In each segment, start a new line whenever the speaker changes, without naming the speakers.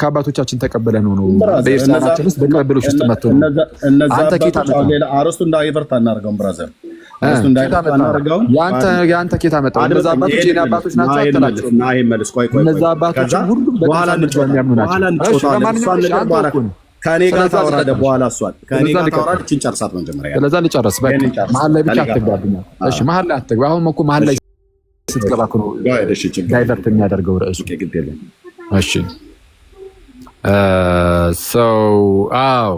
ከአባቶቻችን ተቀበለ ነው ነው በኤርሳናችን ውስጥ ውስጥ መጥቶ ነው። አንተ ኬታ
አርስቱ እንዳይበርታ እናደርገውን ብራዘር
የአንተ ኬታ መጣ። እነዛ አባቶች የኔ አባቶች ናቸው አትላቸው። እነዛ አባቶች
ሁሉም የሚያምኑ
ናቸው።
ከኔ ጋር በኋላ እሷን ከኔ ጋር ጨርሳት መጀመሪያ።
ስለዛ ልጨርስ መሀል ላይ ብቻ አትግባብኛ። እሺ መሀል ላይ አትግባ። አሁን እኮ መሀል ላይ ስትገባ ነው ዳይቨርት የሚያደርገው ርዕሱ። እሺ ሰው አዎ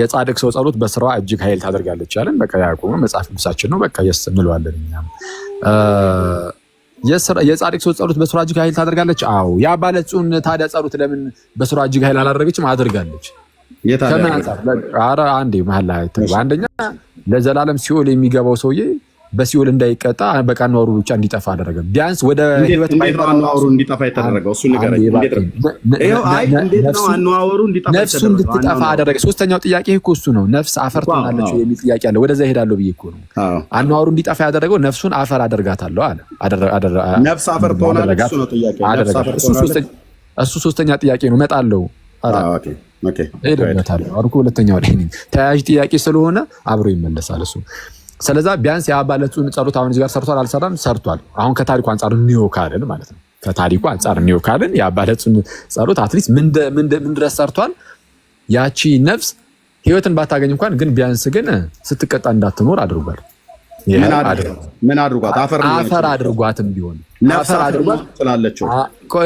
የጻድቅ ሰው ጸሎት በስራዋ እጅግ ኃይል ታደርጋለች ያለን በቃ ያዕቆብ መጽሐፍ ቅዱሳችን ነው። በቃ የስ እንለዋለን እኛም የጻድቅ ሰው ጸሎት በስራ እጅግ ኃይል ታደርጋለች። አዎ ያ ባለ ጽሁን ታዲያ ጸሎት ለምን በስራ እጅግ ኃይል አላደረገችም? አድርጋለች። ከምን አንጻር? አንዴ መሀል ላይ አንደኛ ለዘላለም ሲኦል የሚገባው ሰውዬ በሲኦል እንዳይቀጣ በቃ ዋሩ ብቻ እንዲጠፋ አደረገ። ቢያንስ ወደ
ህይወት አነዋወሩ እንዲጠፋ የተደረገው እሱ ንገረኝ።
ነፍሱ እንድትጠፋ አደረገ። ሶስተኛው ጥያቄ እኮ እሱ ነው። ነፍስ አፈር ትሆናለች የሚል ጥያቄ አለ። ወደዛ እሄዳለሁ ብዬ እኮ ነው። አነዋወሩ እንዲጠፋ ያደረገው ነፍሱን አፈር አደርጋታለሁ አለ።
ነፍስ አፈር ትሆናለች
እሱ ሶስተኛ ጥያቄ ነው። እመጣለሁ ሄደበታለሁ። ሁለተኛው ላይ ተያያዥ ጥያቄ ስለሆነ አብሮ ይመለሳል እሱ ስለዛ ቢያንስ የአባለቱን ጸሎት አሁን ጋር ሰርቷል አልሰራም? ሰርቷል። አሁን ከታሪኩ አንጻር እንወካልን ማለት ነው። ከታሪኩ አንጻር እንወካልን የአባለቱን ጸሎት አትሊስት ምን ድረስ ሰርቷል? ያቺ ነፍስ ህይወትን ባታገኝ እንኳን ግን ቢያንስ ግን ስትቀጣ እንዳትኖር አድርጓል። ምን አድርጓት? አፈር አድርጓትም ቢሆን ነፍሳት አድርጓት ስላለችው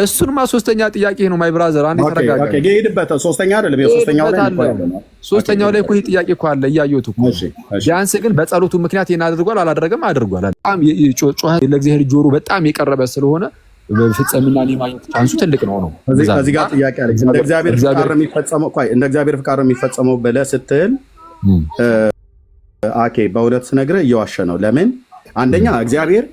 እሱንማ ሶስተኛ ጥያቄ ነው። ማይ ብራዘር አንዴ
ተረጋጋ። ሄድበት ሶስተኛ አይደለም ሶስተኛው ላይ
ይህ ጥያቄ እኮ አለ እያየሁት እኮ። ቢያንስ ግን በጸሎቱ ምክንያት ይህን አድርጓል አላደረገም? አድርጓል። በጣም ጮኸት ለእግዚአብሔር ጆሮ በጣም የቀረበ ስለሆነ ፍጸምና ማግኘት ቻንሱ ትልቅ ነው ነው።
እዚህ ጋር ጥያቄ አለ። እንደ እግዚአብሔር ፍቃድ የሚፈጸመው በለ ስትል አኬ በእውነት ስነግረ እየዋሸ ነው። ለምን አንደኛ እግዚአብሔር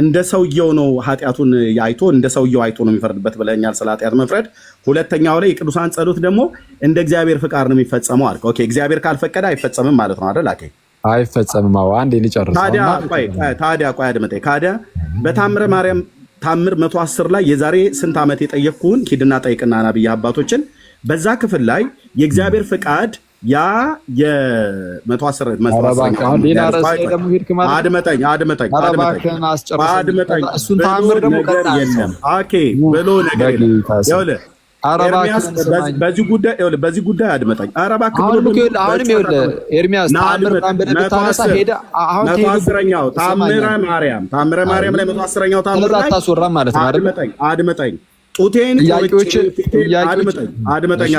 እንደ ሰውየው ነው ኃጢአቱን አይቶ እንደ ሰውየው አይቶ ነው የሚፈርድበት ብለኛል፣ ስለ ኃጢአት መፍረድ። ሁለተኛው ላይ የቅዱሳን ጸሎት ደግሞ እንደ እግዚአብሔር ፍቃድ ነው የሚፈጸመው አልክ። ኦኬ እግዚአብሔር ካልፈቀደ አይፈጸምም ማለት ነው አይደል? አኬ
አይፈጸምም። አዎ አንዴ ልጨርስ።
ታዲያ ቆይ ካዲያ በታምረ ማርያም ታምር አስር ላይ የዛሬ ስንት ዓመት የጠየቅኩህን ሂድና ጠይቅና ነብይ አባቶችን በዛ ክፍል ላይ የእግዚአብሔር ፍቃድ ያ የመቶ አስር
አድመጠኝ
አድመጠኝ አድመጠኝ
የለም
ብሎ ነገር በዚህ ጉዳይ አድመጠኝ። ኧረ እባክህ ታምረ ማርያም ታምረ ማርያም ላይ መቶ አስረኛው ታምር አድመጠኝ አድመጠኝ ጡቴን ቆርጬ አድመጠኝ አድመጠኝ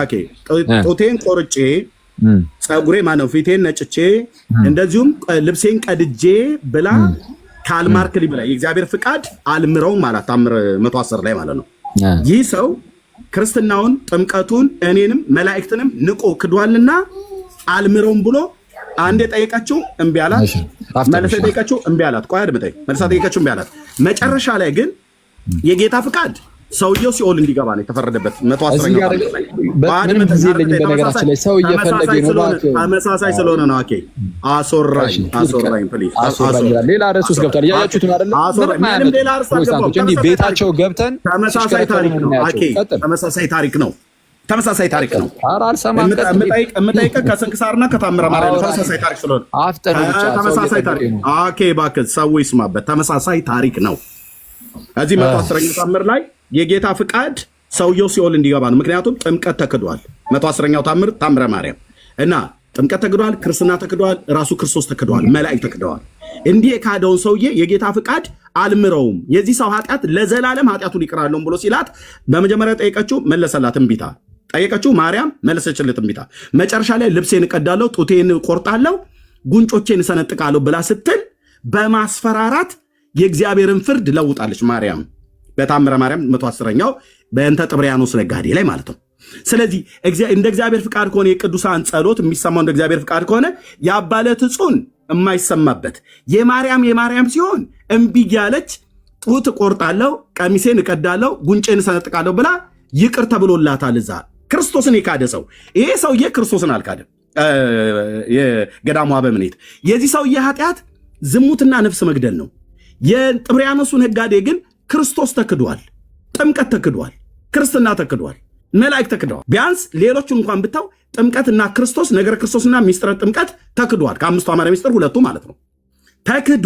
ጡቴን ቆርጬ ጸጉሬ ማነው ፊቴን ነጭቼ እንደዚሁም ልብሴን ቀድጄ ብላ ካልማርክ ሊብ ላይ የእግዚአብሔር ፍቃድ አልምረውም ማለት ታምር መቶ አስር ላይ ማለት ነው። ይህ ሰው ክርስትናውን፣ ጥምቀቱን፣ እኔንም መላእክትንም ንቆ ክዷልና አልምረውም ብሎ አንዴ ጠየቀችው እምቢ አላት። መልሳ ጠየቀችው እምቢ አላት። ቆይ አድምጠኝ። መልሳ ጠየቀችው እምቢ አላት። መጨረሻ ላይ ግን የጌታ ፍቃድ ሰውየው ሲኦል እንዲገባ ነው የተፈረደበት። መቶ ተመሳሳይ ስለሆነ ነው። አኬ አሶራኝ አሶራኝ ፕሊዝ
ሌላ ርዕስ ውስጥ ገብቷል። እያያችሁት ነው ሌላ ርዕስ እንዲህ ቤታቸው ገብተን
ተመሳሳይ ታሪክ ነው። ተመሳሳይ ታሪክ ነው። ተመሳሳይ ታሪክ ነው። ከስንክሳርና ከታምረ ማርያም ተመሳሳይ ታሪክ ስለሆነ ተመሳሳይ ታሪክ ነው። አኬ እባክህ ሰው ይስማበት። ተመሳሳይ ታሪክ ነው። እዚህ መቶ አስረኛ ታምር ላይ የጌታ ፍቃድ ሰውየው ሲኦል እንዲገባ ነው። ምክንያቱም ጥምቀት ተክዷል። መቶ አስረኛው ታምር ታምረ ማርያም እና ጥምቀት ተክዷል፣ ክርስትና ተክዷል፣ ራሱ ክርስቶስ ተክዷል፣ መላእክት ተክደዋል። እንዲህ የካደውን ሰውዬ የጌታ ፍቃድ አልምረውም፣ የዚህ ሰው ኃጢአት ለዘላለም ኃጢአቱን ይቅራለሁም ብሎ ሲላት በመጀመሪያ ጠየቀችው፣ መለሰላት እምቢታ። ጠየቀችው፣ ማርያም መለሰችለት እምቢታ። መጨረሻ ላይ ልብሴን እቀዳለሁ፣ ጡቴን ቆርጣለሁ፣ ጉንጮቼን እሰነጥቃለሁ ብላ ስትል በማስፈራራት የእግዚአብሔርን ፍርድ ለውጣለች ማርያም። በታምረ ማርያም መቶ አስረኛው በእንተ ጥብሪያኖስ ነጋዴ ላይ ማለት ነው። ስለዚህ እንደ እግዚአብሔር ፍቃድ ከሆነ የቅዱሳን ጸሎት የሚሰማው እንደ እግዚአብሔር ፍቃድ ከሆነ የአባለት እጹን የማይሰማበት የማርያም የማርያም ሲሆን እምቢ ያለች ጡት ቆርጣለሁ፣ ቀሚሴን እቀዳለሁ፣ ጉንጬን እሰነጥቃለሁ ብላ ይቅር ተብሎላታል። እዛ ክርስቶስን የካደ ሰው ይሄ ሰውዬ ክርስቶስን አልካደም። የገዳሙ አበምኔት የዚህ ሰውዬ ኃጢአት ዝሙትና ነፍስ መግደል ነው። የጥብሪያኖሱ ነጋዴ ግን ክርስቶስ ተክዷል፣ ጥምቀት ተክዷል፣ ክርስትና ተክዷል፣ መላእክ ተክደዋል። ቢያንስ ሌሎቹ እንኳን ብታው ጥምቀትና ክርስቶስ ነገረ ክርስቶስና ሚስጥረ ጥምቀት ተክዷል። ከአምስቱ አማራ ሚስጥር ሁለቱ ማለት ነው ተክዶ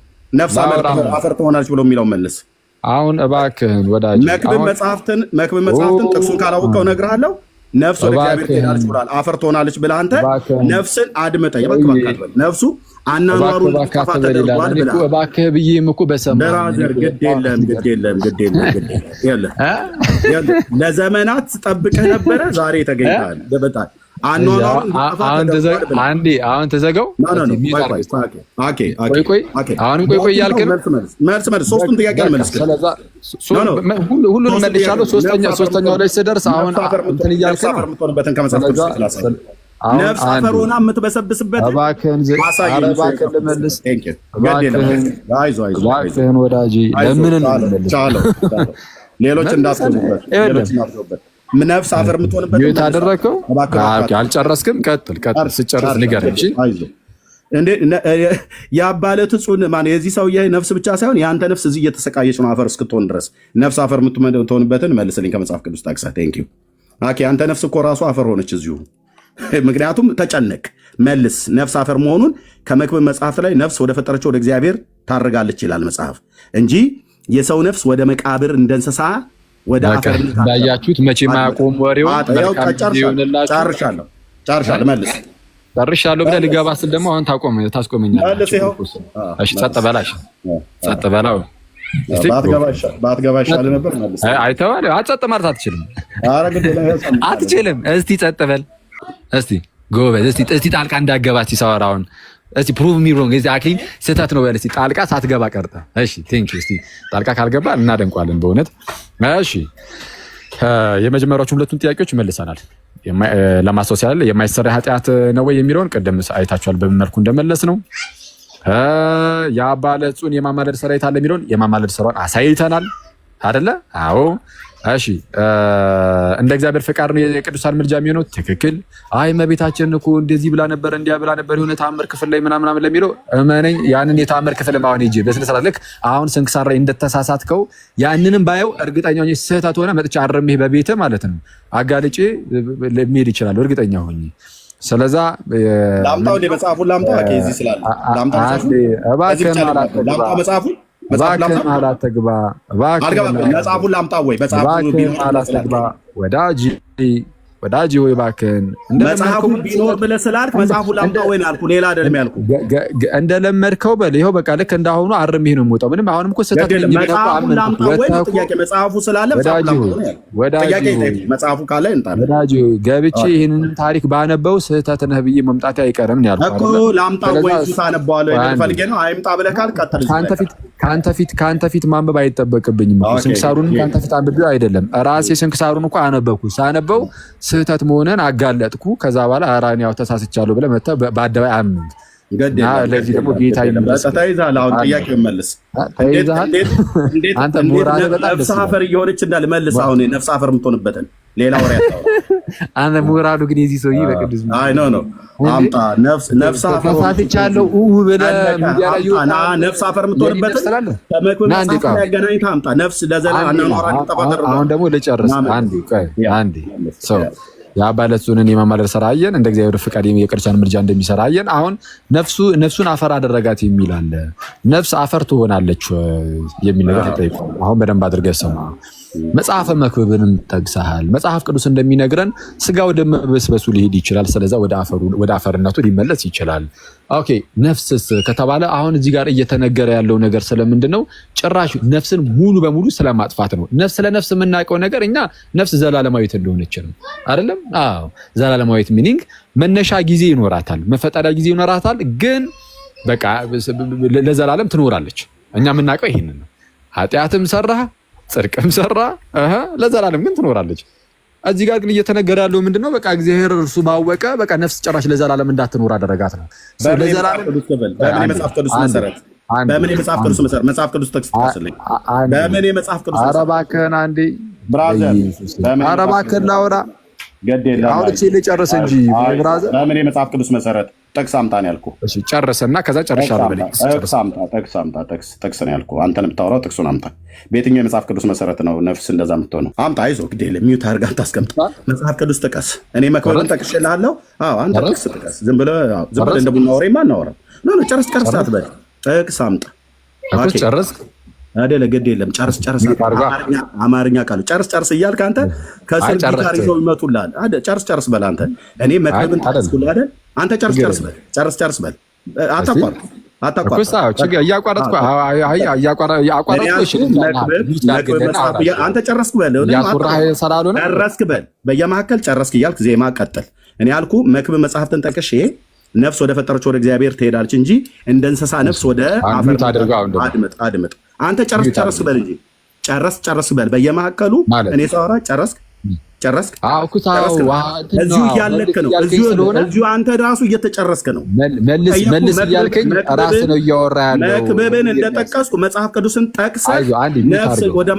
ነፍስ አፈር ትሆናለች ብሎ የሚለው መልስ።
አሁን እባክህን ወዳጅ
መክብብ መጽሐፍትን መክብብ መጽሐፍትን ጥቅሱን ካላወቀው እነግርሃለሁ። ነፍስ ወደ እግዚአብሔር ትሄዳለች ብሏል። አፈር ትሆናለች ብለህ አንተ ነፍስን አድምጠ ነፍሱ አናኗሩን
ጠፋ ተደርጓል ብላ እባክህ ብዬህም እኮ በሰማህ
ብራዘር፣ ግድ የለም ግድ የለም ግድ
የለም
ለዘመናት ጠብቀህ ነበረ። ዛሬ ተገኝተሃል። በጣም
አሁን ተዘጋው። አሁንም ቆይ ቆይ እያልክ
ነው። መልስ ጥያቄ
መልስ። ሁሉንም መልሻለሁ። ሶስተኛው ላይ ስደርስ አሁን
እንትን እያልክ ነው። ነፍስ ሆና የምትበሰብስበት እባክህን ልመልስ።
እባክህን ወዳጅ ለምን
ሌሎች እንዳስገቡበት ነፍስ አፈር የምትሆንበት ታደረግከው። አልጨረስክም? ቀጥል ቀጥል። ስጨርስ ንገረኝ። የአባለት ጹን ማ የዚህ ሰውዬ ነፍስ ብቻ ሳይሆን የአንተ ነፍስ እዚህ እየተሰቃየች ነው አፈር እስክትሆን ድረስ። ነፍስ አፈር የምትሆንበትን መልስልኝ ከመጽሐፍ ቅዱስ ጠቅሰህ። ቴንክ ዩ አንተ ነፍስ እኮ ራሱ አፈር ሆነች እዚሁ። ምክንያቱም ተጨነቅ፣ መልስ ነፍስ አፈር መሆኑን ከመክብብ መጽሐፍት ላይ ነፍስ ወደ ፈጠረችው ወደ እግዚአብሔር ታርጋለች ይላል መጽሐፍ እንጂ የሰው ነፍስ ወደ መቃብር እንደ እንስሳ ወደ
እንዳያችሁት መቼም አያቆም ወሬውን። ጨርሻለሁ
ጨርሻለሁ መልስ
ጨርሻለሁ ብለህ ልገባ ስል ደግሞ አሁን ታቆም ታስቆመኛለህ። እሺ ጸጥ በላሽ ጸጥ በላው
ባትገባ ይሻል ነበር።
አይተኸዋል። ጸጥ ማለት አትችልም አትችልም። እስቲ ጸጥ በል እስቲ ጎበዝ። እስቲ ጣልቃ እንዳገባ እስቲ ሳወራ እስቲ ፕሩቭ ሚ ሮንግ እዚ አክሊል ስህተት ነው በል እስቲ ጣልቃ ሳትገባ ቀርታ። እሺ ቴንክ እስቲ ጣልቃ ካልገባ እናደንቋለን በእውነት እሺ። የመጀመሪያዎቹ ሁለቱን ጥያቄዎች መልሰናል። ለማስታወስ ያለ የማይሰራ ኃጢአት ነው ወይ የሚለውን ቅድም አይታችኋል፣ በምን መልኩ እንደመለስ ነው። የአባ ለጹን የማማለድ ስራ የት አለ የሚለውን የማማለድ ስራውን አሳይተናል አይደለ? አዎ እሺ እንደ እግዚአብሔር ፈቃድ ነው የቅዱሳን ምልጃ የሚሆነው ትክክል። አይ እመቤታችን እኮ እንደዚህ ብላ ነበር እንዲያ ብላ ነበር የሆነ ተአምር ክፍል ላይ ምናምን ምናምን ለሚለው እመነኝ ያንን የተአምር ክፍል አሁን ሂጅ በስነ ስርዓት ልክ አሁን ስንክሳር ላይ እንደተሳሳትከው ያንንም ባየው እርግጠኛ ሆኜ ስህተት ሆነ መጥቼ አርሜህ በቤትህ ማለት ነው አጋልጬ ለሚሄድ ይችላል እርግጠኛ ሆኜ ስለዛ
ላምጣው መጽሐፉን ላምጣ ከዚህ ስላለ ላምጣ መጽሐፉን
እባክህን አላተግባ
እባክህን
አላስተግባ ወዳጅ ወዳጅ ሆይ እባክህን
መጽሐፉ ቢኖር ስላልክ መጽሐፉ ላምጣ ወይ ሌላ
እንደለመድከው በል ይኸው፣ በቃ ልክ እንዳሁኑ አርሜህ ነው የምወጣው። ምንም አሁንም እኮ ስህተት
መጽሐፉ ስላለ መጽሐፉ ካለ
ወዳጅ ገብቼ ይህንን ታሪክ ባነበው ስህተት ነህ ብዬ መምጣት አይቀርም
ያልኩህ እኮ። ላምጣ ወይ ነው። አይምጣ
ከአንተ ፊት ማንበብ አይጠበቅብኝም። ስንክሳሩን ከአንተ ፊት አንብቤው አይደለም ራሴ ስንክሳሩን እኮ አነበብኩ ሳነበው ስህተት መሆንን አጋለጥኩ፣ ከዛ በኋላ አራኒያው ተሳስቻለሁ ብለህ መተህ በአደባባይ አምንት። ለዚህ ደግሞ ጌታ
ተይዛል። አሁን ጥያቄ መልስ። ነፍስ አፈር እየሆነች መልስ። አሁን ነፍስ አፈር የምትሆንበትን ሌላ ወሬ
አንተ ምሁራሉ ግን የዚህ ሰውዬ
በቅዱስ አይ ኖ ኖ አምጣ ነፍስ ነፍስ አፈር ነፍስ የምትሆንበት ለዘላ
አሁን ደግሞ ልጨርስ አንዴ አንዴ የአባለሱንን የማማለድ ስራ አየን። እንደ እግዚአብሔር ፍቃድ የቅርቻን ምልጃ እንደሚሰራ አየን። አሁን ነፍሱን አፈር አደረጋት የሚል አለ። ነፍስ አፈር ትሆናለች የሚል ነገር ተጠይቋል። አሁን በደንብ አድርገህ ስማ። መጽሐፈ መክብብንም ጠቅሰሃል። መጽሐፍ ቅዱስ እንደሚነግረን ስጋ ወደ መበስበሱ ሊሄድ ይችላል። ስለዛ ወደ አፈርነቱ ሊመለስ ይችላል። ኦኬ ነፍስስ ከተባለ አሁን እዚህ ጋር እየተነገረ ያለው ነገር ስለምንድን ነው? ጭራሽ ነፍስን ሙሉ በሙሉ ስለማጥፋት ነው። ነፍስ ለነፍስ የምናውቀው ነገር እኛ ነፍስ ዘላለማዊት እንደሆነች ነው አይደለም? አዎ ዘላለማዊት ሚኒንግ መነሻ ጊዜ ይኖራታል፣ መፈጠሪያ ጊዜ ይኖራታል። ግን በቃ ለዘላለም ትኖራለች። እኛ የምናውቀው ይሄንን ነው። ኃጢአትም ሰራ ጽድቅም ሰራ ለዘላለም ግን ትኖራለች። እዚህ ጋር ግን እየተነገረ ያለው ምንድን ነው? በቃ እግዚአብሔር እርሱ ባወቀ በቃ ነፍስ ጭራሽ ለዘላለም እንዳትኖር አደረጋት ነው።
በምን የመጽሐፍ ቅዱስ መሰረት መጽሐፍ ቅዱስ ጥቅስ ጥቀስልኝ። በምን የመጽሐፍ
ቅዱስ እባክህን አንዴ እባክህን ላውራ ገድ እንጂ
ለምን የመጽሐፍ ቅዱስ መሰረት ጥቅስ አምጣ ነው ያልኩህ።
እሺ ጨርሰና ከዛ ጨርሻለሁ
ነው ያልኩህ። አንተን የምታወራው ጥቅሱን አምጣ። በየትኛው የመጽሐፍ ቅዱስ መሰረት ነው ነፍስ እንደዛ የምትሆነው? አምጣ። አይዞህ፣ ግድ የለም። አታስቀምጥ። መጽሐፍ ቅዱስ ጥቀስ። እኔ መክበብን
ጠቅሼልሃለሁ። አንተ ጥቅስ ጥቀስ። ዝም ብለህ ዝም ብለህ እንደ ቡና ወሬማ አናወራም። ጨርስ፣ ጨርስ አትበል ጥቅስ አምጣ አደለ ግድ የለም ጨርስ ጨርስ አማርኛ ቃሉ ጨርስ ጨርስ እያልክ አንተ ከስር ጊታር ይዘው ይመጡልሃል። ጨርስ ጨርስ በል አንተ እኔ መክብን ታስኩል አደ አንተ ጨርስ ጨርስ በል ጨርስ ጨርስ በል አታቋርጥ አንተ ጨረስክ በል ጨረስክ በል በየመካከል ጨረስክ እያልክ ዜማ ቀጥል። እኔ ያልኩ መክብ መጽሐፍትን ጠቅሼ ነፍስ ወደ ፈጠረች ወደ እግዚአብሔር ትሄዳለች እንጂ እንደ እንስሳ ነፍስ ወደ አፈር አድምጥ አድምጥ አንተ ጨረስ ጨረስ በል እንጂ ጨረስ ጨረስ በል በየመሀከሉ እኔ ሳወራ ጨረስክ ጨረስክ። እዚሁ እያለክ ነው። እዚሁ አንተ ራሱ እየተጨረስክ ነው።
መልስ መልስ እያልከኝ ራስ ነው እያወራ
ያለው። መክብብን እንደጠቀስኩ መጽሐፍ ቅዱስን ጠቅሰህ ነፍስ ወደ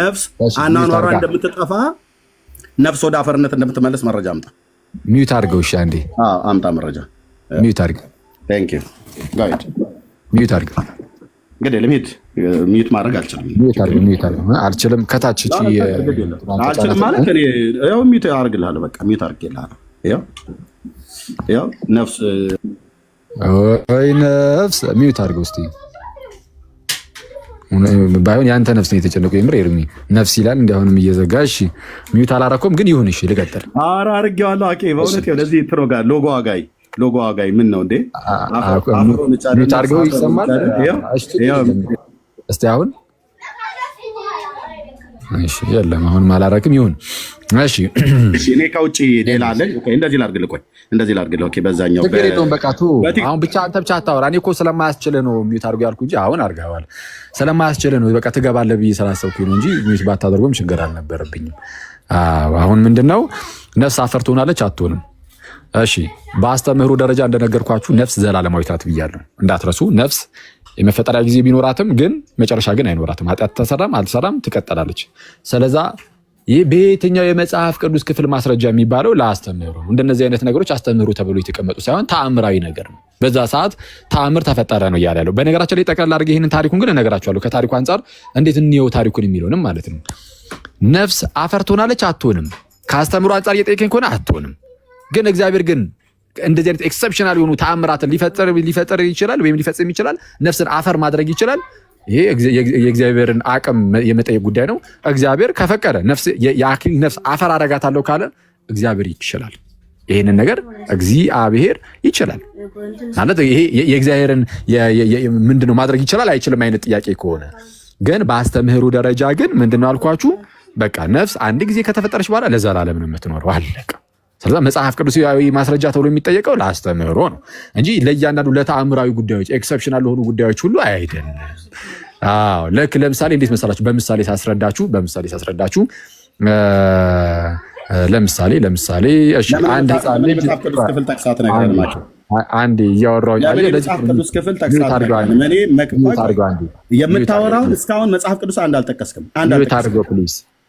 ነፍስ አናኗራ እንደምትጠፋ ነፍስ ወደ አፈርነት እንደምትመለስ መረጃ አምጣ። ሚዩት አድርገው። እሺ አንዴ አምጣ መረጃ ሚዩት አድርገው። ሚዩት አድርገው
እንግዲህ ለሚዩት ሚዩት ማድረግ አልችልም
አልችልም። ከታች
አልችልም ማለት ያው ሚዩት አድርግልሃለሁ። በቃ ሚዩት አድርግልሃለሁ። ያው ነፍስ
ወይ ነፍስ ሚዩት አድርገው እስኪ። ባይሆን የአንተ ነፍስ ነው የተጨነቁ። የምር ኤርሚ ነፍስ ይላል። እንዲ አሁንም እየዘጋ እሺ፣ ሚዩት አላረኩም ግን ይሁን። እሺ ልቀጥል።
ኧረ አድርጌዋለሁ። አኬ በእውነት ለዚህ ትሮጋ ሎጎ አጋይ ሎጎ አጋይ ምን ነው እንዴ? አፍሮ ይሰማል።
እስቲ አሁን እሺ፣ የለም አሁን ማላረክም ይሁን። እሺ፣
እኔ ከውጭ ሌላ አለኝ። እንደዚህ ላድርግልህ። ቆይ እንደዚህ ላድርግልህ። ኦኬ፣ በዛኛው
ችግር የለውም። በቃ ቱ አሁን ብቻ አንተ ብቻ አታወራ። እኔ እኮ ስለማያስችልህ ነው ሚዩት አድርጎ ያልኩ እንጂ አሁን አድርገዋል። ስለማያስችልህ ነው። በቃ ትገባለህ ብዬ ስላሰብኩኝ ነው እንጂ ሚዩት ባታደርጎም ችግር አልነበረብኝም። አሁን ምንድን ነው ነፍስ አፈር ትሆናለች አትሆንም እሺ በአስተምህሮ ደረጃ እንደነገርኳችሁ ነፍስ ዘላለማዊ ናት ብያለሁ። እንዳትረሱ ነፍስ የመፈጠሪያ ጊዜ ቢኖራትም ግን መጨረሻ ግን አይኖራትም። ኃጢአት ተሰራም አልሰራም ትቀጠላለች። ስለዛ ይህ በየትኛው የመጽሐፍ ቅዱስ ክፍል ማስረጃ የሚባለው ለአስተምህሮ እንደነዚህ አይነት ነገሮች አስተምህሮ ተብሎ የተቀመጡ ሳይሆን ተአምራዊ ነገር ነው። በዛ ሰዓት ተአምር ተፈጠረ ነው እያለ ያለው። በነገራችን ላይ ጠቅላላ አድርጌ ይህንን ታሪኩን ግን እነግራችኋለሁ። ከታሪኩ አንጻር እንዴት እንየው ታሪኩን የሚለውንም ማለት ነው። ነፍስ አፈር ትሆናለች አትሆንም? ከአስተምህሮ አንጻር እየጠየቀኝ ከሆነ አትሆንም። ግን እግዚአብሔር ግን እንደዚህ አይነት ኤክሰፕሽናል የሆኑ ተአምራትን ሊፈጥር ይችላል ወይም ሊፈጽም ይችላል። ነፍስን አፈር ማድረግ ይችላል። ይሄ የእግዚአብሔርን አቅም የመጠየቅ ጉዳይ ነው። እግዚአብሔር ከፈቀደ የአክሊል ነፍስ አፈር አደርጋታለሁ ካለ እግዚአብሔር ይችላል። ይህንን ነገር እግዚአብሔር ይችላል ማለት ይሄ የእግዚአብሔርን ምንድነው ማድረግ ይችላል አይችልም አይነት ጥያቄ ከሆነ ግን በአስተምህሩ ደረጃ ግን ምንድነው አልኳችሁ፣ በቃ ነፍስ አንድ ጊዜ ከተፈጠረች በኋላ ለዘላለም ነው የምትኖረው። አለቀ። ስለዛ መጽሐፍ ቅዱሳዊ ማስረጃ ተብሎ የሚጠየቀው ለአስተምህሮ ነው እንጂ ለእያንዳንዱ ለተአምራዊ ጉዳዮች ኤክሰፕሽናል ለሆኑ ጉዳዮች ሁሉ አይደለም። አዎ ልክ ለምሳሌ እንዴት መሰላችሁ? በምሳሌ ሳስረዳችሁ በምሳሌ ሳስረዳችሁ ለምሳሌ ለምሳሌ
አንድ ህፃን ልጅ ክፍል ጠቅሳት ነገር
አንድ እያወራሁኝ
መጽሐፍ ቅዱስ ክፍል ጠቅሳት የምታወራውን እስካሁን መጽሐፍ ቅዱስ አንድ አልጠቀስክም።
አንድ አድርገው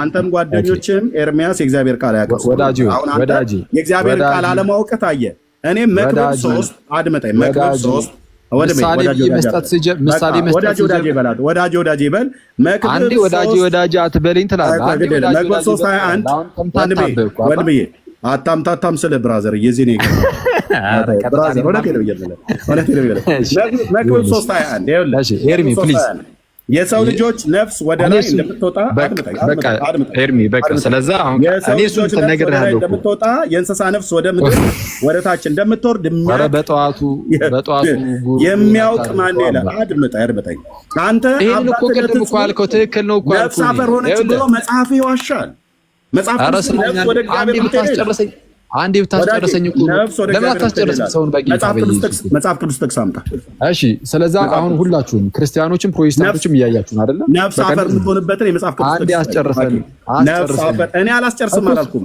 አንተም ጓደኞችም ኤርሚያስ የእግዚአብሔር ቃል
ያቀርብ የእግዚአብሔር ቃል አለማወቅ ታየ። እኔ መክብብ ሶስት አድመጠኝ መክብብ ወዳጅ ወዳጅ ይበል
ወዳጅ ወዳጅ አትበልኝ
ትላለህ። መክብብ ሶስት ሀያ አንድ ወንድሜ አታምታታም ብራዘር ነው ብራዘር መክብብ ሶስት ሀያ አንድ የሰው ልጆች ነፍስ ወደ ላይ እንደምትወጣ
ኤርሚ በቃ ስለዛ እኔ እንደምትወጣ የእንስሳ ነፍስ ወደ
ምድር ወደ ታች እንደምትወርድ በጠዋቱ የሚያውቅ ማን ይላል? አድምጣ ያድምጠኝ። አንተ አባትነትን ትክክል ነው ነፍስ አፈር ሆነች ብሎ መጽሐፍ ይዋሻል።
መጽሐፍ ወደ እግዚአብሔር አንዴ ብታስጨርሰኝ እኮ ለምን አታስጨርስም? ሰውን
መጽሐፍ ቅዱስ ጥቅስ አምጣ።
እሺ፣ ስለዛ አሁን ሁላችሁም ክርስቲያኖችም ፕሮቴስታንቶችም እያያችሁን አይደለም።
ነፍስ አፈር የምትሆንበትን የመጽሐፍ
ቅዱስ ጥቅስ አንዴ አስጨርሰን። እኔ አላስጨርስም አላልኩም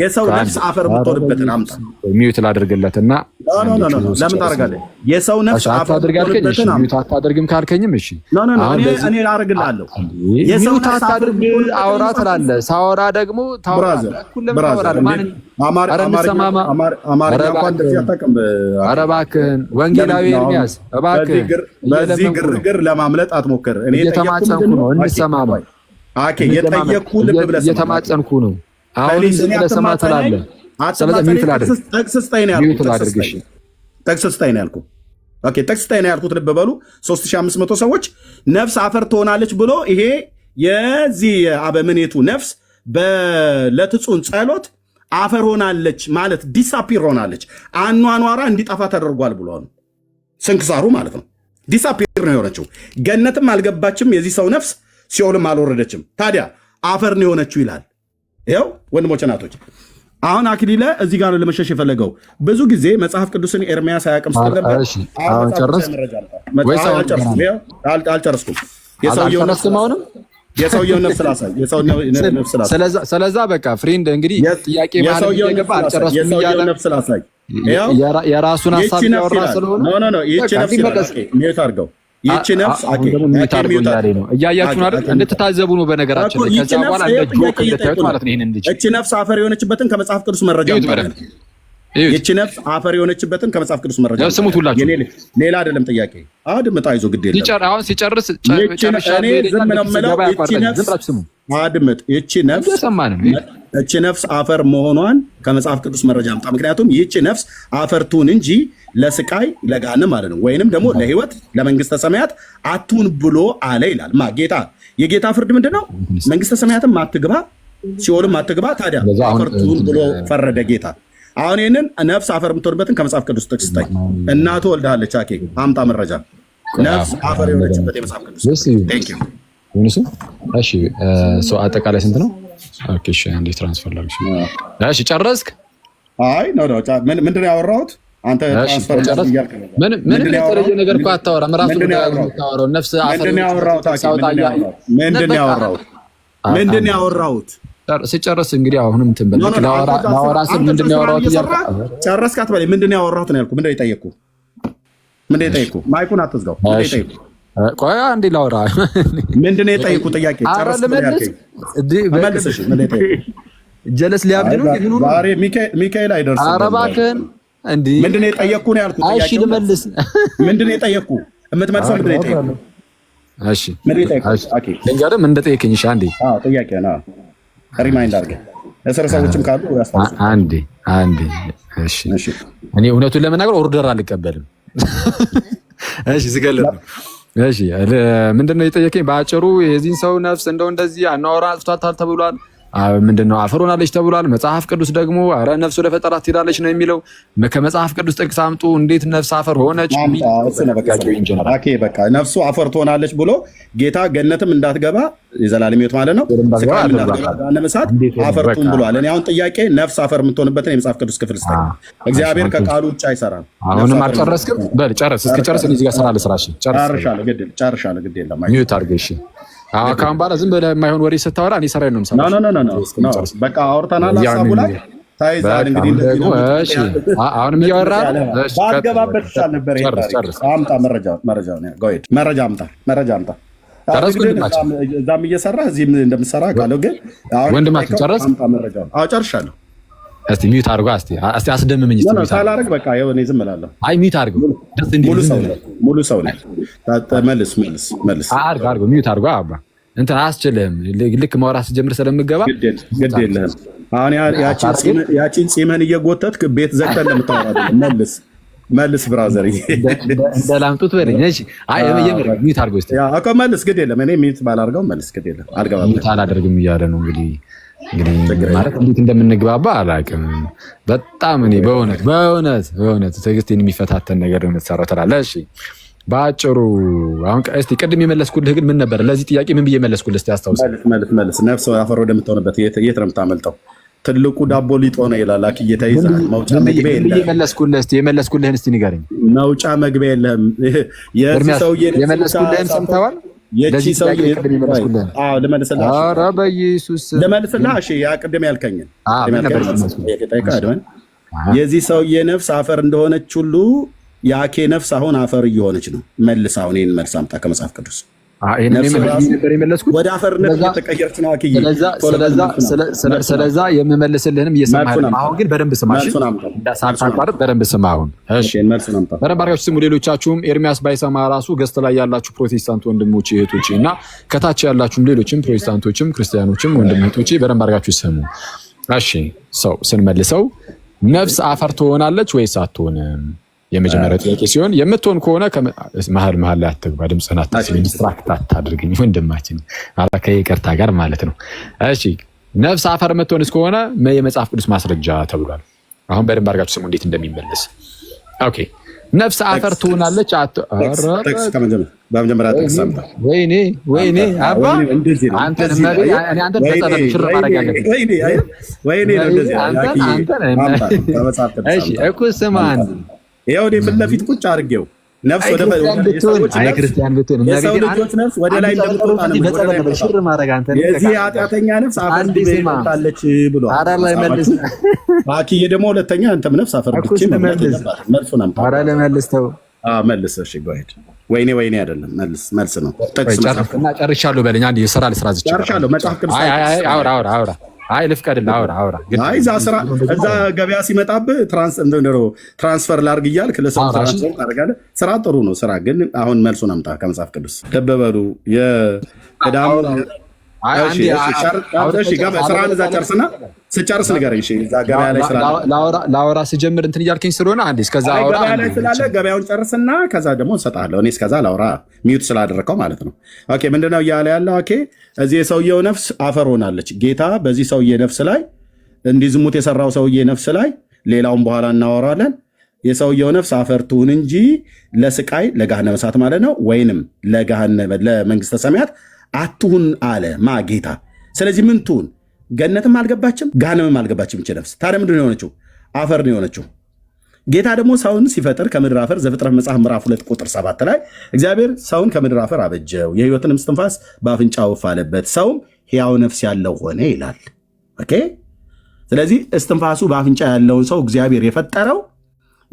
የሰው ነፍስ አፈር የምትሆንበትን አምጣ። ሚዩት ላድርግለት እና ለምን ታደርጋለህ? የሰው ነፍስ አፈር አድርጋልከኝ። አታደርግም ካልከኝም እሺ እኔ ላደርግልሃለሁ። የሰው አታድርግ አውራ ትላለህ። ሳወራ ደግሞ ኧረ እባክህን ወንጌላዊ ኤርሚያስ እባክህን፣ በዚህ ግርግር ለማምለጥ አትሞክር። እየተማጸንኩ ነው እንሰማማኝ፣ እየተማጸንኩ ነው አሁን ስለሰማ ትላለህ። ነው ያልኩት። ነው ያልኩት። ልብ በሉ 3500 ሰዎች ነፍስ አፈር ትሆናለች ብሎ ይሄ የዚህ የአበምኔቱ ነፍስ በለትጹን ጸሎት አፈር ሆናለች ማለት ዲሳፒር ሆናለች፣ እንዲጠፋ ተደርጓል ስንክሳሩ ማለት ነው። ዲሳፒር ነው የሆነችው። ገነትም አልገባችም የዚህ ሰው ነፍስ ሲኦልም አልወረደችም። ታዲያ አፈር ነው የሆነችው ይላል። ይኸው ወንድሞች ናቶች አሁን አክሊለ እዚህ ጋር ለመሸሽ የፈለገው። ብዙ ጊዜ መጽሐፍ ቅዱስን ኤርሚያስ አያውቅም ስለነበር አልጨረስኩም። የሰውየውን ነፍስ ላሳይ። ስለዛ በቃ ፍሬንድ እንግዲህ ጥያቄ ነፍስ ላሳይ የራሱን ሀሳብ ያወራ ስለሆነ ይቺ ነፍስ አድርገው ይቺ ነፍስ አኬ እያያችሁ አይደል? እንድትታዘቡ ነው። በነገራችን ላይ ከዛ በኋላ እንደ ጆክ እንደታዩት ማለት ነው። ይሄንን ልጅ እቺ ነፍስ አፈር የሆነችበትን ከመጽሐፍ ቅዱስ መረጃ ይቺ ነፍስ አፈር የሆነችበትን ከመጽሐፍ ቅዱስ መረጃ ነው። ስሙት ሁላችሁ፣ ሌላ አይደለም ጥያቄ። አድምጥ፣ አይዞ፣ ግድ የለም። ይጨር አሁን ሲጨርስ ጨርሻለሁ። እኔ ዝም ነው የምለው። ይቺ ነፍስ አድምጥ፣ ይቺ ነፍስ እቺ ነፍስ አፈር መሆኗን ከመጽሐፍ ቅዱስ መረጃ አምጣ። ምክንያቱም ይህቺ ነፍስ አፈር ትሁን እንጂ ለስቃይ ለጋን ማለት ነው፣ ወይንም ደግሞ ለህይወት ለመንግስተ ሰማያት አትሁን ብሎ አለ ይላል። ማ ጌታ የጌታ ፍርድ ምንድን ነው? መንግስተ ሰማያትም አትግባ፣ ሲኦልም አትግባ። ታዲያ አፈር ትሁን ብሎ ፈረደ ጌታ። አሁን ይህንን ነፍስ አፈር የምትሆንበትን ከመጽሐፍ ቅዱስ ጥቅስ ስጠኝ። እናቱ ወልዳለች፣ አኬ አምጣ መረጃ። ነፍስ አፈር የሆነችበት የመጽሐፍ ቅዱስ እሺ። አጠቃላይ ስንት ነው? ትራንስፈር ላድርግ። እሺ ጨረስክ? አይ ምንድን ነው ያወራሁት? አንተ ትራንስፈር የተለየ ነገር እኮ አታወራም። ነፍስ ምንድን ነው ያወራሁት? እንግዲህ አሁንም ስል ምንድን ነው ያወራሁት ጨረስክ አትበለኝ። ምንድን ነው ያወራሁት ነው ያልኩህ። ምንድን ነው ማይኩን አትዝጋው። ቆይ አንዴ ላውራ። ምንድን ነው የጠይቁ ጥያቄ? ጀለስ ሊያብድ ነው ሚካኤል ምንድን ነው የጠየቅኩ ነው እሺ ልመልስ። ምንድን ነው የጠየቅኩ? የምትመልሰው ምንድን ነው የጠየቅኩ? እሺ እሺ አንዴ፣ ጥያቄ ነው። ሪማይንድ አድርገህ እስር ሰዎችም ካሉ አንዴ አንዴ። እሺ እኔ እውነቱን ለመናገር ኦርደር አልቀበልም። እሺ ስገለጥ ነው እሺ ምንድነው የጠየቀኝ? በአጭሩ የዚህን ሰው ነፍስ እንደው እንደዚህ አናወራ አጥፍቷታል ተብሏል ምንድነው አፈር ሆናለች ተብሏል። መጽሐፍ ቅዱስ ደግሞ ኧረ ነፍስ ወደ ፈጠራት ትሄዳለች ነው የሚለው። ከመጽሐፍ ቅዱስ ጥቅስ አምጡ። እንዴት ነፍስ አፈር ሆነች? በቃ ነፍሱ አፈር ትሆናለች ብሎ ጌታ ገነትም እንዳትገባ የዘላለም ሕይወት ማለት ነው ለመሳት አፈርቱን ብሏል። እኔ አሁን ጥያቄ ነፍስ አፈር የምትሆንበትን የመጽሐፍ ቅዱስ ክፍል ስ እግዚአብሔር ከቃሉ ውጭ አይሰራም። አሁንም አልጨረስክም። በል ጨርስ፣ እስኪ ጨርስ። እዚህ ጋር ስራ ልስራሽ። ጨርሻለሁ፣ ግድ የለም ከአሁን በኋላ ዝም ብለህ የማይሆን ወሬ ስታወራ እኔ ሰራዬን ነው የምሰራው። በቃ አውርተናል ሀሳቡ ላይ ታይዛል። እንግዲህ አሁንም ይሻል ነበር። አምጣ መረጃ መረጃ አምጣ መረጃ አምጣ። እዛም እዚህም ቃለው ግን ወንድማችን ጨረስ ጨርሻለሁ። እስቲ ሚዩት አድርጎ እስቲ እስቲ አስደምመኝ። እስቲ ሚዩት አላረግ በቃ ያው እኔ ዝም እላለሁ። አይ ሚዩት አድርጎ ደስ እንዲል ሙሉ ሰው ነው ሙሉ ሰው ነው። መልስ መልስ መልስ አድርጎ አድርጎ ሚዩት አድርጎ አባ እንትን አያስችልህም። ልክ ማውራት ስትጀምር ስለምገባ ግድ የለህም። አሁን ያቺን ፂምህን እየጎተትክ ቤት ዘግተን ለምታወራ መልስ መልስ ብራዘር እንደላምጡት በለኝ። እሺ አይ የምር ሚዩት አድርጎ እስቲ እኮ መልስ ግድ የለም። እኔ ሚዩት ባላደርገው መልስ ግድ የለም። አድርገው ሚዩት አላደርግም እያለ ነው እንግዲህ እንግዲህ ማለት እንዴት እንደምንግባባ አላውቅም። በጣም እኔ በእውነት በእውነት በእውነት ትዕግስቴን የሚፈታተን ነገር ነው የምትሰራው ትላለህ። እሺ በአጭሩ አሁን እስኪ ቅድም የመለስኩልህ ግን ምን ነበር? ለዚህ ጥያቄ ምን ብዬ መለስኩልህ? እስኪ አስታውስ። መልስ መልስ። ነፍስ አፈር ወደምትሆንበት የት ነው የምታመልጠው? ትልቁ ዳቦ ሊጦ ነው ይላል አክዬ። ተይዘሃል። መውጫ መግቢያ የለህም። የመለስኩልህ የመለስኩልህን እስኪ ንገረኝ። መውጫ መግቢያ የለህም። የዚህ ሰውዬ የመለስኩልህን ሰምተዋል የቺ ሰው ቅድም ያልከኝን የዚህ ሰውዬ ነፍስ አፈር እንደሆነች ሁሉ የአኬ ነፍስ አሁን አፈር እየሆነች ነው። መልስ አሁን ይህን መልስ አምጣ ከመጽሐፍ ቅዱስ ስለዛ የምመልስልህንም እየሰማህ ነው። አሁን ግን በደንብ ስማ፣ በደንብ ስማ። አሁን በደንብ አድርጋችሁ ስሙ። ሌሎቻችሁም ኤርሚያስ ባይሰማ ራሱ ገዝት ላይ ያላችሁ ፕሮቴስታንት ወንድሞች እህቶቼ እና ከታች ያላችሁም ሌሎችም ፕሮቴስታንቶችም ክርስቲያኖችም ወንድም እህቶቼ በደንብ አድርጋችሁ ስሙ። እሺ ሰው ስንመልሰው ነፍስ አፈር ትሆናለች ወይስ አትሆንም? የመጀመሪያ ጥያቄ ሲሆን የምትሆን ከሆነ መሀል መሀል ላይ አትግባ፣ ድምፅህን አታስለኝ፣ ዲስትራክት አታድርገኝ ወንድማችን ከይቅርታ ጋር ማለት ነው። እሺ ነፍስ አፈር የምትሆን እስከሆነ የመጽሐፍ ቅዱስ ማስረጃ ተብሏል። አሁን በደንብ አድርጋችሁ ስሙ እንዴት እንደሚመለስ። ኦኬ ነፍስ አፈር ትሆናለች። ወይኔ ወይኔ አባ አንተን ሽር ማድረግ አለብን። ይኸው እኔ ፊት ለፊት ቁጭ አድርጌው ነፍስ ወደ ልጆች ነፍስ ወደ ላይ የዚህ ኃጢአተኛ ነፍስ አፈር ታለች አኪዬ ደግሞ ሁለተኛ አንተም ነፍስ አፈር ወይኔ ወይኔ አይደለም መልስ መልስ ነው። ጠቅስ ጨርሻለሁ በለኝ። አንድ የስራ ልስራ ዝቻ መጽሐፍ ቅዱስ አውራ አውራ አውራ አይ ልፍቀድልህ፣ አውራ አውራ። እዛ ገበያ ሲመጣብህ ትራንስ ትራንስፈር ላርግ እያልክ ለሰው ትራንስፈር ታደርጋለህ። ስራ ጥሩ ነው። ስራ ግን አሁን መልሱን አምጣ ከመጽሐፍ ቅዱስ ደበበሉ የዳሙ ስራ እዛ ጨርስና ስጨርስ ንገረኝ። ላወራ ስጀምር እንትን እያልከኝ ስለሆነ አንዴ እስከዛ አውራ ላይ ስላለ ገበያውን ጨርስና ከዛ ደግሞ እሰጥሃለሁ። እኔ እስከዛ ላውራ ሚዩት ስላደረከው ማለት ነው። ኦኬ፣ ምንድነው እያለ ያለ? ኦኬ፣ እዚህ የሰውየው ነፍስ አፈር ሆናለች። ጌታ በዚህ ሰውዬ ነፍስ ላይ እንዲህ ዝሙት የሰራው ሰውዬ ነፍስ ላይ ሌላውን በኋላ እናወራለን። የሰውየው ነፍስ አፈር ትሁን እንጂ ለስቃይ ለገሃነመ እሳት ማለት ነው፣ ወይንም ለመንግስተ ሰማያት አትሁን አለ ማ ጌታ። ስለዚህ ምን ትሁን ገነትም አልገባችም፣ ገሃነምም አልገባችም ይች ነፍስ። ታዲያ ምንድን የሆነችው? አፈር ነው የሆነችው። ጌታ ደግሞ ሰውን ሲፈጥር ከምድር አፈር ዘፍጥረት መጽሐፍ ምዕራፍ ሁለት ቁጥር ሰባት ላይ እግዚአብሔር ሰውን ከምድር አፈር አበጀው የሕይወትንም እስትንፋስ በአፍንጫ ውፍ አለበት ሰውም ሕያው ነፍስ ያለው ሆነ ይላል። ኦኬ ስለዚህ እስትንፋሱ በአፍንጫ ያለውን ሰው እግዚአብሔር የፈጠረው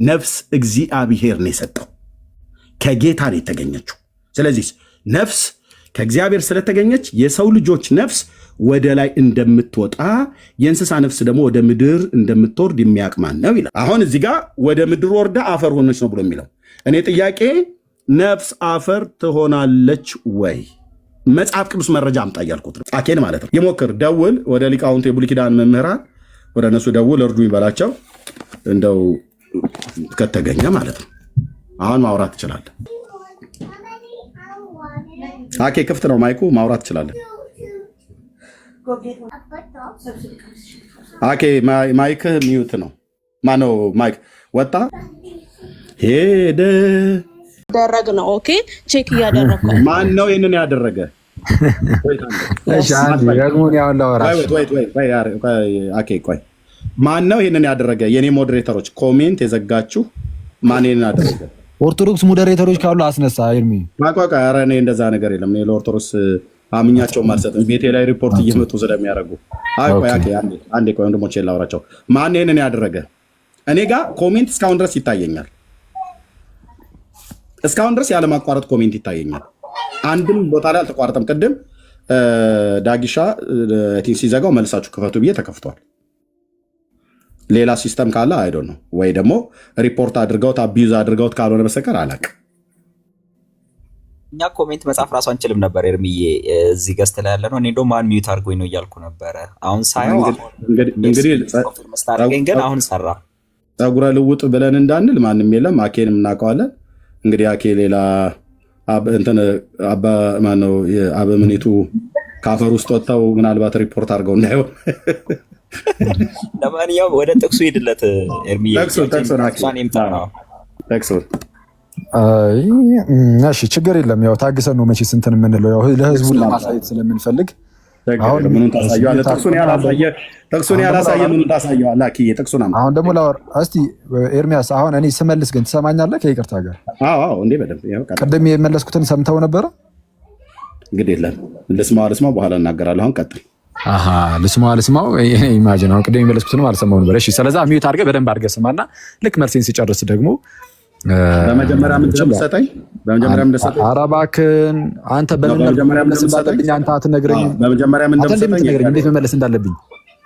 ነፍስ እግዚአብሔር ነው የሰጠው፣ ከጌታ ነው የተገኘችው። ስለዚህ ነፍስ ከእግዚአብሔር ስለተገኘች የሰው ልጆች ነፍስ ወደ ላይ እንደምትወጣ የእንስሳ ነፍስ ደግሞ ወደ ምድር እንደምትወርድ የሚያውቅ ማን ነው ይላል። አሁን እዚህ ጋር ወደ ምድር ወርዳ አፈር ሆነች ነው ብሎ የሚለው እኔ ጥያቄ ነፍስ አፈር ትሆናለች ወይ? መጽሐፍ ቅዱስ መረጃ አምጣ እያልኩት ነው። ጻኬን ማለት ነው። የሞክር ደውል፣ ወደ ሊቃውንቱ የብሉይ ኪዳን መምህራን ወደ እነሱ ደውል፣ እርዱ ይበላቸው እንደው ከተገኘ ማለት ነው። አሁን ማውራት ትችላለን። ክፍት ነው ማይኩ፣ ማውራት ትችላለን። አኬ ማይክ ሚዩት ነው። ማነው ማይክ ወጣ ሄደ ደረግ ነው። ኦኬ ቼክ እያደረግ ማን ነው ይህንን ያደረገ? ቆይ ማን ነው ይህንን ያደረገ? የኔ ሞዴሬተሮች ኮሜንት የዘጋችሁ ማን ይህንን አደረገ? ኦርቶዶክስ ሞዴሬተሮች ካሉ አስነሳ። ሚ ቋቋ ኧረ እኔ እንደዛ ነገር የለም ለኦርቶዶክስ አምኛቸውም አልሰጥም። ቤቴ ላይ ሪፖርት እየመጡ ስለሚያደርጉ አንዴ ቆይ ወንድሞቼ ላውራቸው። ማን ይሄንን ያደረገ እኔ ጋ ኮሜንት እስካሁን ድረስ ይታየኛል። እስካሁን ድረስ ያለማቋረጥ ኮሜንት ይታየኛል። አንድም ቦታ ላይ አልተቋረጠም። ቅድም ዳጊሻ ቲንክ ሲዘጋው መልሳችሁ ክፈቱ ብዬ ተከፍቷል። ሌላ ሲስተም ካለ አይዶ ነው ወይ ደግሞ ሪፖርት አድርገውት አቢዩዝ አድርገውት ካልሆነ በስተቀር አላውቅም። እኛ ኮሜንት መጻፍ ራሱ አንችልም ነበር። ኤርሚዬ እዚህ ገስት ላይ ያለ ነው። እኔ እንደውም ማን ሚዩት አድርጎኝ ነው እያልኩ ነበረ። አሁን ሳየው ግን አሁን ሰራ ጸጉረ ልውጥ ብለን እንዳንል ማንም የለም። አኬን እናውቀዋለን። እንግዲህ አኬ ሌላ ነው አባ ማነው አበምኔቱ ከአፈር ውስጥ ወጥተው ምናልባት ሪፖርት አድርገው እንዳይሆን። ለማንኛውም ወደ ጥቅሱ ሂድለት ኤርሚዬ ጥቅሱን እሺ ችግር የለም። ያው ታግሰን ነው መቼ ስንትን የምንለው ያው ለህዝቡን ለማሳየት ስለምንፈልግ አሁን ምን ጥቅሱን ያላሳየ ያላሳየ ምን ታሳየዋል? አኪዬ ጥቅሱን አሁን ደግሞ ላወር እስቲ ኤርሚያስ፣ አሁን እኔ ስመልስ ግን ትሰማኛለህ? ከይቅርታ ጋር እንዴ በደንብ ቅድም የመለስኩትን ሰምተው ነበረ። እንግዲህ የለም ልስማ ልስማ፣ በኋላ እናገራለሁ። አሁን ቀጥል። ልስማ ልስማው ኢማጂን፣ አሁን ቅድም የመለስኩትንም አልሰማው ነበር። እሺ ስለዛ ሚዩት አድርገህ በደንብ አድርገህ ስማና ልክ መልሴን ሲጨርስ ደግሞ በመጀመሪያ ምንድነው የምትሰጠኝ? በመጀመሪያ ምንድነው? ኧረ እባክህን አንተ በምንመለስባለብኝ አንተ አትነግረኝም። በመጀመሪያ ምንድነው እንዴት መመለስ እንዳለብኝ?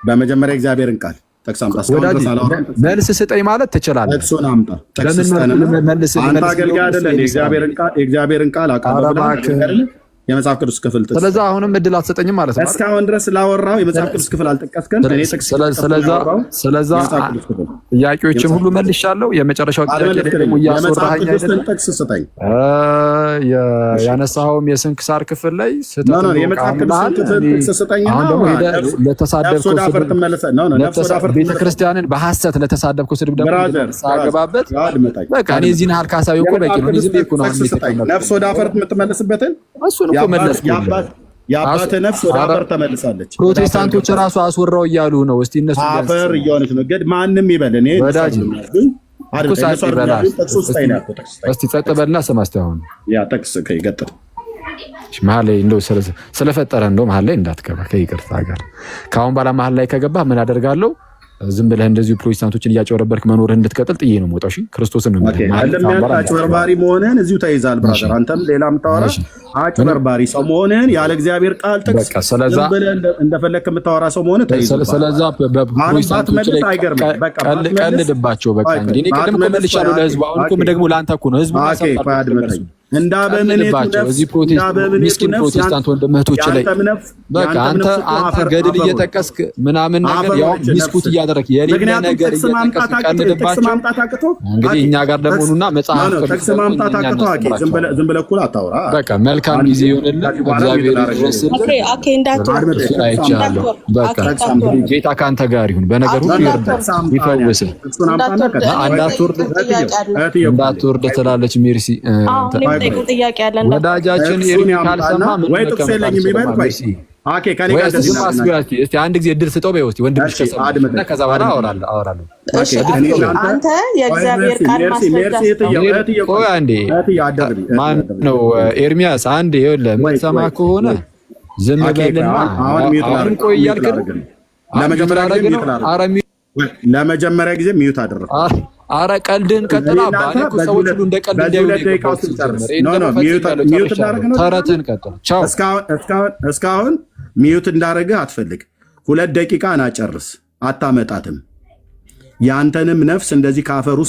በመጀመሪያ እግዚአብሔርን ቃል መልስ ስጠኝ ማለት ትችላለህ። ጥቅሱን አምጣ። በምን መልስ? አንተ አገልጋይ አይደለህ? የእግዚአብሔርን ቃል አውቃለሁ ብለህ የመጽሐፍ ቅዱስ ክፍል ጥቅስ። ስለዛ አሁንም እድል አትሰጠኝም ማለት ነው። እስካሁን ድረስ ላወራው የመጽሐፍ ቅዱስ ክፍል አልጠቀስክም። ስለዛ ጥያቄዎችን ሁሉ መልሻለሁ። የመጨረሻው ጥቅስ ስጠኝ። የስንክሳር ክፍል ላይ ቤተክርስቲያንን በሀሰት ለተሳደብኩ ስድብ ደግሞ ሳያገባበት በቃ እኔ እዚህን ያህል ካሳቢ እኮ በቂ ነው። ነፍስ ወዳፈር የምትመልስበትን መለስ የአባት ነፍስ ወደ አፈር ተመልሳለች። ፕሮቴስታንቶች ራሱ አስወራው እያሉ ነው። እስቲ እነሱ አፈር እየሆነች ነው። ገድ ማንም ይበል እኔ እስቲ ጸጥ በልና ስማ። እስቲ አሁን ያ ጠቅስ ከይገጥር መሀል ላይ እንደው ስለፈጠረ እንደው መሀል ላይ እንዳትገባ ከይቅርታ ጋር ከአሁን በኋላ መሀል ላይ ከገባ ምን አደርጋለሁ ዝም ብለህ እንደዚሁ ፕሮቴስታንቶችን እያጭበረበርክ መኖርህን እንድትቀጥል ጥዬ ነው የምወጣው። አጭበርባሪ መሆንህን እዚሁ ተይዛል። ብራዘር አንተም ሌላ የምታወራ አጭበርባሪ ሰው መሆንህን ያለ እግዚአብሔር ቃል ጥቅስ እንደፈለክ የምታወራ ሰው መሆንህ ተይዟል። ስለዛ በፕሮቴስታንቶች ቀልድባቸው። በቃ እንግዲህ እኔ ቅድም እኮ መልሻለሁ ለህዝቡ። አሁን እኮ ደግሞ ለአንተ እኮ ነው ህዝቡ እንዳበምንባቸው እዚህ ምስኪን ፕሮቴስታንት ወንድም እህቶች ላይ በቃ አንተ አንተ ገድል እየጠቀስክ ምናምን ነገር ያው ሚስኩት እያደረግክ የሌለ ነገር እየጠቀስክ ቀልድባቸው። እንግዲህ እኛ ጋር ደግሞ መጽሐፍ ቅዱስ በቃ መልካም ጊዜ ይሆንልን። እግዚአብሔር ይመስል ጌታ ከአንተ ጋር ይሁን፣ በነገር ሁሉ ይርዳል፣ ይፈውስ። እንዳትወርድ ትላለች ሜርሲ የምጠይቁ ወዳጃችን ካልሰማ አንድ ጊዜ እድል ስጠው። በውስጥ ወንድም ከሰማ ከዛ በኋላ አወራለሁ። አንተ የእግዚአብሔር ኤርሚያስ አንድ ይኸውልህ፣ የምትሰማ ከሆነ ዝም በልና ለመጀመሪያ ጊዜ ሚዩት አደረኩ። አረ ቀልድን ቀጥል አባ። እኔ እኮ ሰዎች ሁሉ እንደ ቀልድ እንዲያዩ ተረትን ቀጥል። ቻው። እስካሁን ሚዩት እንዳረግህ አትፈልግ። ሁለት ደቂቃ ናጨርስ አታመጣትም። የአንተንም ነፍስ እንደዚህ ካፈሩ